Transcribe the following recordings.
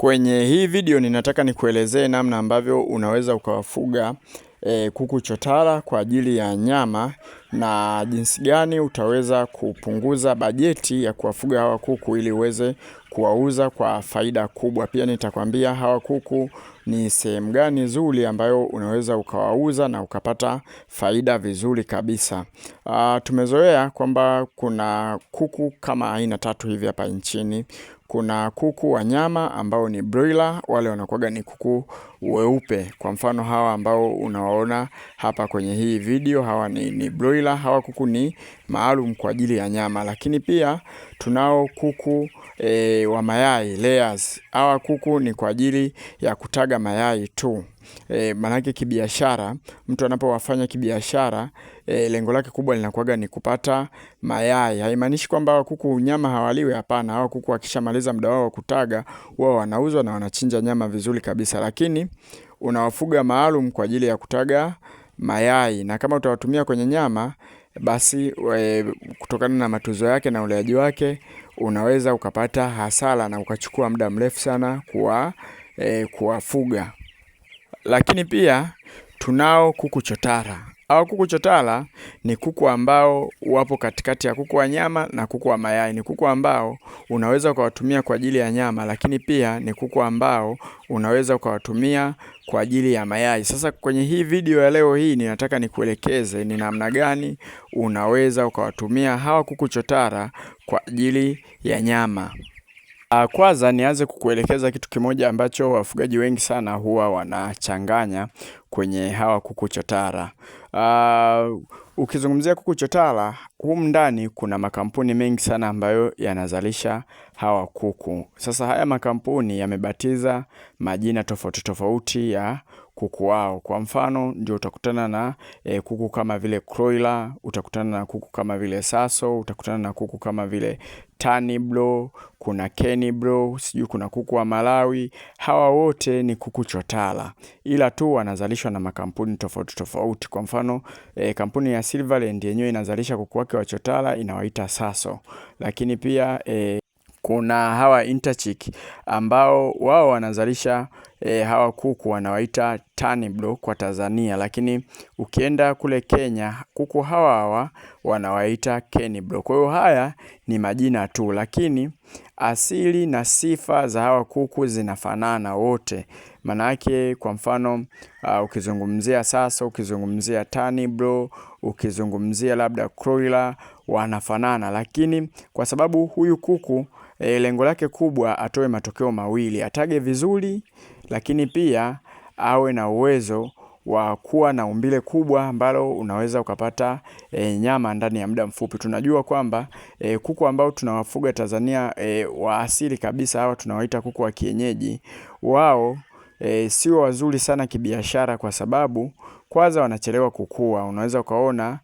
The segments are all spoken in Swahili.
Kwenye hii video ninataka nikuelezee namna ambavyo unaweza ukawafuga e, kuku chotara kwa ajili ya nyama na jinsi gani utaweza kupunguza bajeti ya kuwafuga hawa kuku ili uweze kuwauza kwa faida kubwa. Pia nitakwambia hawa kuku ni sehemu gani nzuri ambayo unaweza ukawauza na ukapata faida vizuri kabisa. tumezoea kwamba kuna kuku kama aina tatu hivi hapa nchini. Kuna kuku wa nyama ambao ni broiler, wale wanakuwaga ni kuku weupe. Kwa mfano hawa ambao unawaona hapa kwenye hii video, hawa ni, ni broiler. Hawa kuku ni maalum kwa ajili ya nyama, lakini pia tunao kuku e, wa mayai layers. Hawa kuku ni kwa ajili ya kutaga mayai tu. E, maanake kibiashara, mtu anapowafanya kibiashara e, lengo lake kubwa linakuwaga ni kupata mayai. Haimaanishi kwamba hawa kuku nyama hawaliwe, hapana. Hawa kuku wakishamaliza muda wao wa kutaga, wao wanauzwa na wanachinja nyama vizuri kabisa, lakini unawafuga maalum kwa ajili ya kutaga mayai, na kama utawatumia kwenye nyama, basi we, kutokana na matuzo yake na uleaji wake unaweza ukapata hasara na ukachukua muda mrefu sana kuwa e, kuwafuga. Lakini pia tunao kuku chotara au kuku chotara ni kuku ambao wapo katikati ya kuku wa nyama na kuku wa mayai. Ni kuku ambao unaweza ukawatumia kwa ajili ya nyama, lakini pia ni kuku ambao unaweza ukawatumia kwa ajili ya mayai. Sasa kwenye hii video ya leo hii ninataka nikuelekeze ni namna gani unaweza ukawatumia hawa kuku chotara kwa ajili ya nyama. Ah, kwanza nianze kukuelekeza kitu kimoja ambacho wafugaji wengi sana huwa wanachanganya kwenye hawa kuku chotara. Uh, ukizungumzia kuku chotara humu ndani kuna makampuni mengi sana ambayo yanazalisha hawa kuku. Sasa haya makampuni yamebatiza majina tofauti tofauti ya kuku wao. Kwa mfano, ndio utakutana na e, kuku kama vile Croiler, utakutana na kuku kama vile Saso, utakutana na kuku kama vile Taniblo, kuna Keniblo, sijui kuna kuku wa Malawi. Hawa wote ni kuku chotara, ila tu wanazalishwa na makampuni tofauti tofauti. Kwa mfano e, kampuni ya Silverland yenyewe inazalisha kuku wake wa chotara inawaita Saso, lakini pia e, kuna hawa Interchick ambao wao wanazalisha e, hawa kuku wanawaita Taniblo kwa Tanzania, lakini ukienda kule Kenya kuku hawa hawa wanawaita Keniblo. Kwa hiyo haya ni majina tu, lakini asili na sifa za hawa kuku zinafanana wote. yake kwa mfano uh, ukizungumzia sasa, ukizungumzia Taniblo, ukizungumzia labda Croiler wanafanana, lakini kwa sababu huyu kuku e, lengo lake kubwa atoe matokeo mawili, atage vizuri, lakini pia awe na uwezo wa kuwa na umbile kubwa ambalo unaweza ukapata e, nyama ndani ya muda mfupi. Tunajua kwamba e, kuku ambao tunawafuga Tanzania e, wa asili kabisa hawa tunawaita kuku wa kienyeji, wao e, sio wazuri sana kibiashara, kwa sababu kwanza wanachelewa kukua. Unaweza ukaona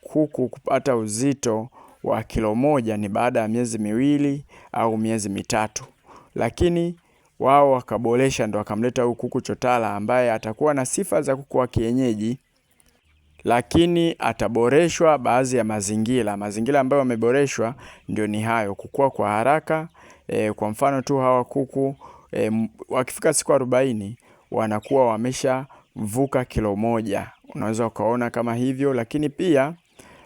kuku kupata uzito wa kilo moja ni baada ya miezi miwili au miezi mitatu, lakini wao wakaboresha, ndo wakamleta huyu kuku chotara ambaye atakuwa na sifa za kuku wa kienyeji, lakini ataboreshwa baadhi ya mazingira. Mazingira ambayo wameboreshwa ndio ni hayo, kukua kwa haraka. E, kwa mfano tu hawa kuku e, wakifika siku arobaini wanakuwa wameshavuka kilo moja, unaweza ukaona kama hivyo, lakini pia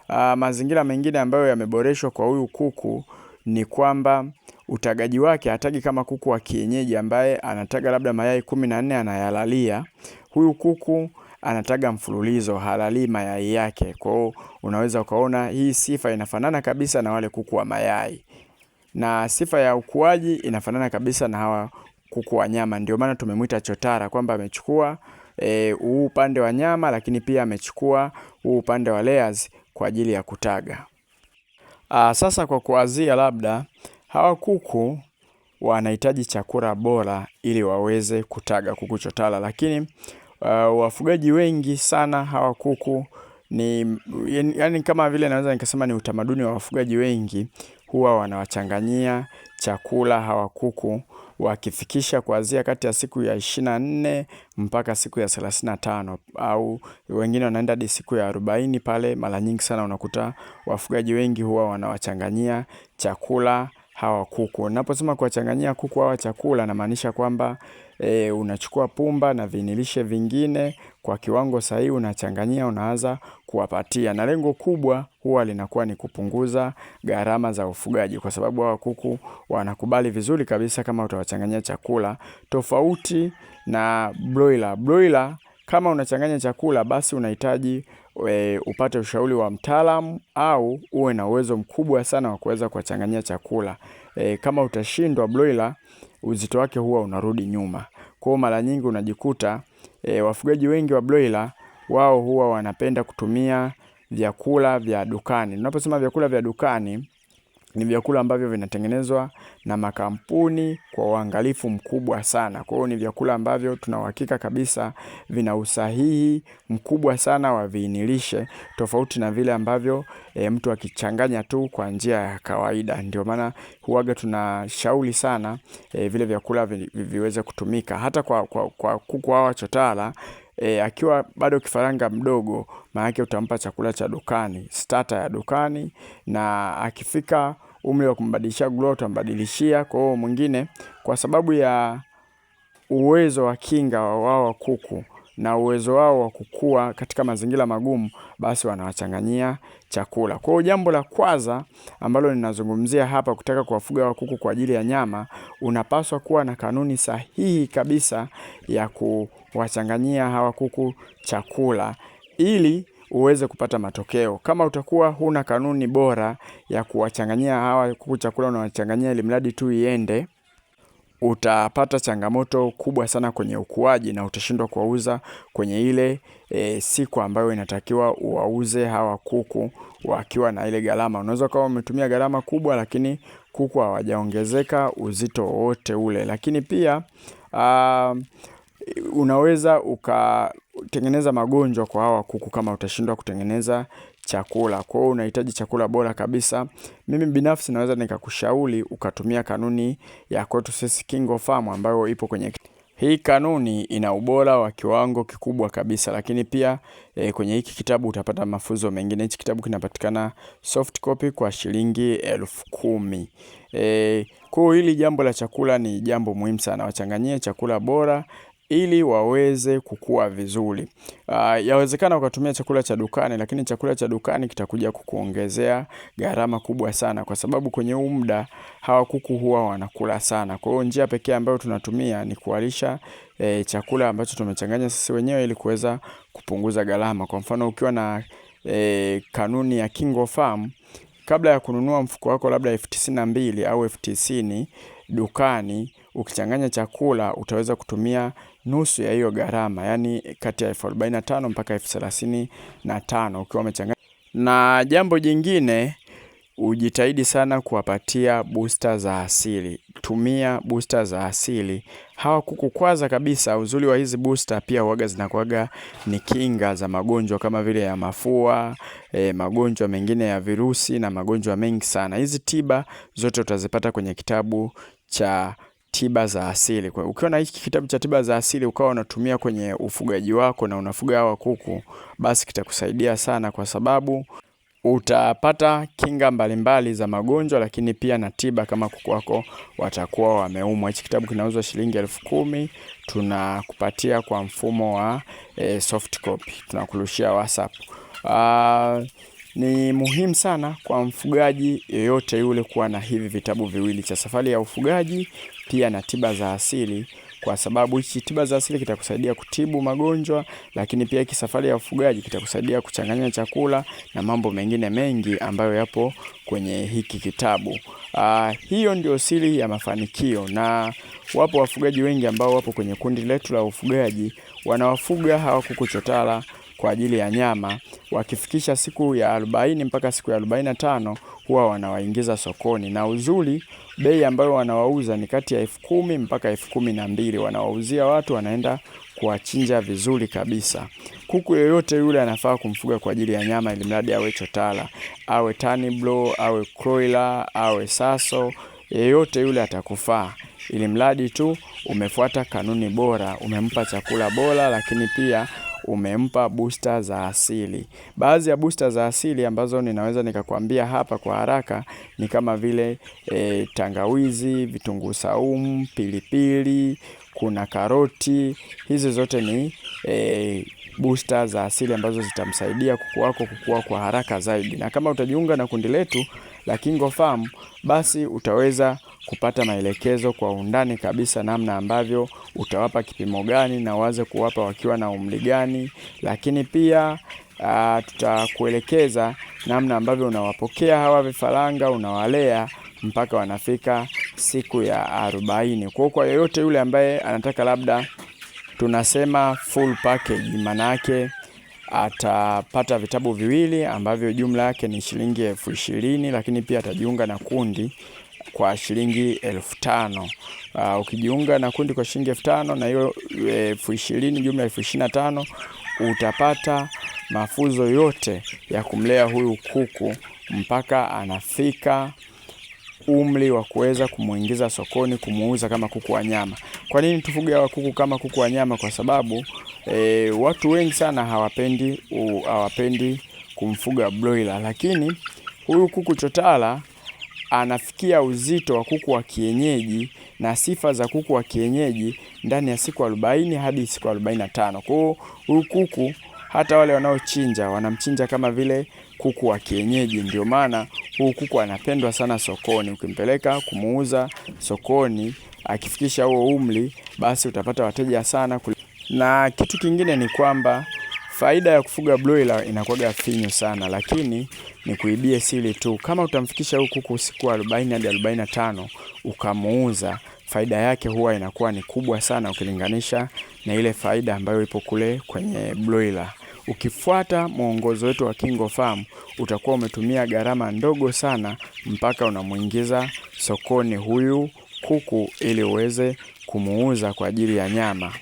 Uh, mazingira mengine ambayo yameboreshwa kwa huyu kuku ni kwamba utagaji wake hatagi kama kuku wa kienyeji ambaye anataga labda mayai kumi na nne anayalalia. Huyu kuku anataga mfululizo, halalii mayai yake. Kwa hiyo unaweza ukaona hii sifa inafanana kabisa na wale kuku wa mayai, na sifa ya ukuaji inafanana kabisa na hawa kuku wa nyama. Ndio maana tumemwita chotara kwamba amechukua eh, huu e, upande wa nyama, lakini pia amechukua huu upande wa layers kwa ajili ya kutaga. Aa, ah, sasa kwa kuazia, labda hawa kuku wanahitaji chakula bora ili waweze kutaga kuku chotara, lakini uh, wafugaji wengi sana hawa kuku ni yani, kama vile naweza nikasema ni utamaduni wa wafugaji wengi, huwa wanawachanganyia chakula hawa kuku wakifikisha kuanzia kati ya siku ya ishirini na nne mpaka siku ya thelathini na tano au wengine wanaenda hadi siku ya arobaini pale. Mara nyingi sana unakuta wafugaji wengi huwa wanawachanganyia chakula hawa kuku. Naposema kuwachanganyia kuku hawa chakula, namaanisha kwamba e, unachukua pumba na vinilishe vingine kwa kiwango sahihi, unachanganyia, unaanza kuwapatia, na lengo kubwa huwa linakuwa ni kupunguza gharama za ufugaji, kwa sababu hawa kuku wanakubali vizuri kabisa kama utawachanganyia chakula, tofauti na broiler. Broiler kama unachanganya chakula, basi unahitaji e, upate ushauri wa mtaalamu au uwe na uwezo mkubwa sana wa kuweza kuwachanganyia chakula. E, kama utashindwa broiler, uzito wake huwa unarudi nyuma. Kwa hiyo mara nyingi unajikuta e, wafugaji wengi wa broiler wao huwa wanapenda kutumia vyakula vya dukani. Unaposema vyakula vya dukani ni vyakula ambavyo vinatengenezwa na makampuni kwa uangalifu mkubwa sana. Kwa hiyo ni vyakula ambavyo tuna uhakika kabisa vina usahihi mkubwa sana wa viinilishe, tofauti na vile ambavyo e, mtu akichanganya tu kwa njia ya kawaida. Ndio maana huwaga tunashauri sana e, vile vyakula vi, vi, viweze kutumika hata kwa, kwa, kwa kuku hawa chotara e, akiwa bado kifaranga mdogo, maanake utampa chakula cha dukani, starter ya dukani, na akifika umri wa kumbadilishia gulua utambadilishia. Kwa hiyo mwingine, kwa sababu ya uwezo wa kinga wa wao wa kuku na uwezo wao wa kukua katika mazingira magumu, basi wanawachanganyia chakula. Kwa hiyo jambo la kwanza ambalo ninazungumzia hapa, kutaka kuwafuga wa kuku kwa ajili ya nyama, unapaswa kuwa na kanuni sahihi kabisa ya kuwachanganyia hawa kuku chakula ili uweze kupata matokeo. Kama utakuwa huna kanuni bora ya kuwachanganyia hawa kuku chakula, unawachanganyia ili mradi tu iende, utapata changamoto kubwa sana kwenye ukuaji na utashindwa kuwauza kwenye ile e, siku ambayo inatakiwa uwauze hawa kuku wakiwa na ile gharama. Unaweza ukawa umetumia gharama kubwa, lakini kuku hawajaongezeka uzito wowote ule. Lakini pia uh, unaweza ukatengeneza magonjwa kwa hawa kuku kama utashindwa kutengeneza chakula. Kwa hiyo unahitaji chakula bora kabisa. Mimi binafsi naweza nikakushauri ukatumia kanuni ya kwetu sisi Kingo Farm ambayo ipo kwenye hii kanuni ina ubora wa kiwango kikubwa kabisa, lakini pia e, kwenye hiki kitabu utapata mafunzo mengine. Hichi kitabu kinapatikana soft copy kwa shilingi elfu kumi. E, kwa hiyo hili jambo la chakula ni jambo muhimu sana, wachanganyie chakula bora ili waweze kukua vizuri. Uh, yawezekana ukatumia chakula cha dukani, lakini chakula cha dukani kitakuja kukuongezea gharama kubwa sana, kwa sababu kwenye huu muda hawa kuku huwa wanakula sana. Kwa hiyo njia pekee ambayo tunatumia ni kuwalisha eh, chakula ambacho tumechanganya sisi wenyewe ili kuweza kupunguza gharama. Kwa mfano ukiwa na eh, kanuni ya Kingo Farm kabla ya kununua mfuko wako labda elfu tisini na mbili au elfu tisini dukani, ukichanganya chakula utaweza kutumia nusu ya hiyo gharama, yani kati ya elfu arobaini na tano mpaka elfu thelathini na tano ukiwa umechanganya na jambo jingine ujitahidi sana kuwapatia booster za asili. Tumia booster za asili. Hawa kuku kwanza kabisa, uzuri wa hizi booster pia uaga zinakuaga ni kinga za magonjwa kama vile ya mafua e, magonjwa mengine ya virusi na magonjwa mengi sana. Hizi tiba zote utazipata kwenye kitabu cha tiba za asili. Kwa ukiwa na hiki kitabu cha tiba za asili ukawa unatumia kwenye ufugaji wako na unafuga hawa kuku, basi kitakusaidia sana, kwa sababu utapata kinga mbalimbali za magonjwa, lakini pia na tiba kama kuku wako watakuwa wameumwa. Hichi kitabu kinauzwa shilingi elfu kumi. Tunakupatia kwa mfumo wa e, soft copy, tunakurushia WhatsApp. Uh, ni muhimu sana kwa mfugaji yeyote yule kuwa na hivi vitabu viwili cha Safari ya Ufugaji pia na tiba za asili, kwa sababu hichi tiba za asili kitakusaidia kutibu magonjwa, lakini pia hiki safari ya ufugaji kitakusaidia kuchanganya chakula na mambo mengine mengi ambayo yapo kwenye hiki kitabu. Aa, ah, hiyo ndio siri ya mafanikio, na wapo wafugaji wengi ambao wapo kwenye kundi letu la ufugaji, wanawafuga hawakuku chotara kwa ajili ya nyama. Wakifikisha siku ya arobaini mpaka siku ya arobaini na tano huwa wanawaingiza sokoni, na uzuri bei ambayo wanawauza ni kati ya elfu kumi mpaka elfu kumi na mbili Wanawauzia watu wanaenda kuwachinja vizuri kabisa. Kuku yoyote yule anafaa kumfuga kwa ajili ya nyama, ili mradi awe chotara, awe tanibro, awe kroila, awe saso, yeyote yule atakufaa ili mradi tu umefuata kanuni bora, umempa chakula bora, lakini pia umempa booster za asili. Baadhi ya booster za asili ambazo ninaweza nikakwambia hapa kwa haraka ni kama vile e, tangawizi, vitunguu saumu, pilipili, kuna karoti. Hizi zote ni e, booster za asili ambazo zitamsaidia kuku wako kukua kwa haraka zaidi, na kama utajiunga na kundi letu la KingoFarm basi utaweza kupata maelekezo kwa undani kabisa namna ambavyo utawapa kipimo gani na waze kuwapa wakiwa na umri gani, lakini pia uh, tutakuelekeza namna ambavyo unawapokea hawa vifaranga, unawalea mpaka wanafika siku ya arobaini. Kwa kwa yoyote yule ambaye anataka labda tunasema full package, maana yake atapata vitabu viwili ambavyo jumla yake ni shilingi elfu ishirini, lakini pia atajiunga na kundi kwa shilingi elfu tano. Uh, ukijiunga na kundi kwa shilingi elfu tano na hiyo elfu ishirini jumla elfu ishirini na tano utapata mafunzo yote ya kumlea huyu kuku mpaka anafika umri wa kuweza kumuingiza sokoni kumuuza kama kuku wa nyama. Kwa nini tufuge hawa kuku kama kuku wa nyama? Kwa sababu e, watu wengi sana hawapendi u, hawapendi kumfuga broiler, lakini huyu kuku chotara anafikia uzito wa kuku wa kienyeji na sifa za kuku wa kienyeji ndani ya siku 40 hadi siku 45. Kwa hiyo huyu kuku hata wale wanaochinja wanamchinja kama vile kuku wa kienyeji. Ndio maana huu kuku anapendwa sana sokoni. Ukimpeleka kumuuza sokoni, akifikisha huo umri, basi utapata wateja sana. Na kitu kingine ni kwamba Faida ya kufuga broiler inakuwa finyu sana, lakini ni kuibia siri tu. Kama utamfikisha huyu kuku siku 40 hadi 45 ukamuuza, faida yake huwa inakuwa ni kubwa sana ukilinganisha na ile faida ambayo ipo kule kwenye broiler. Ukifuata mwongozo wetu wa Kingo Farm utakuwa umetumia gharama ndogo sana mpaka unamuingiza sokoni huyu kuku ili uweze kumuuza kwa ajili ya nyama.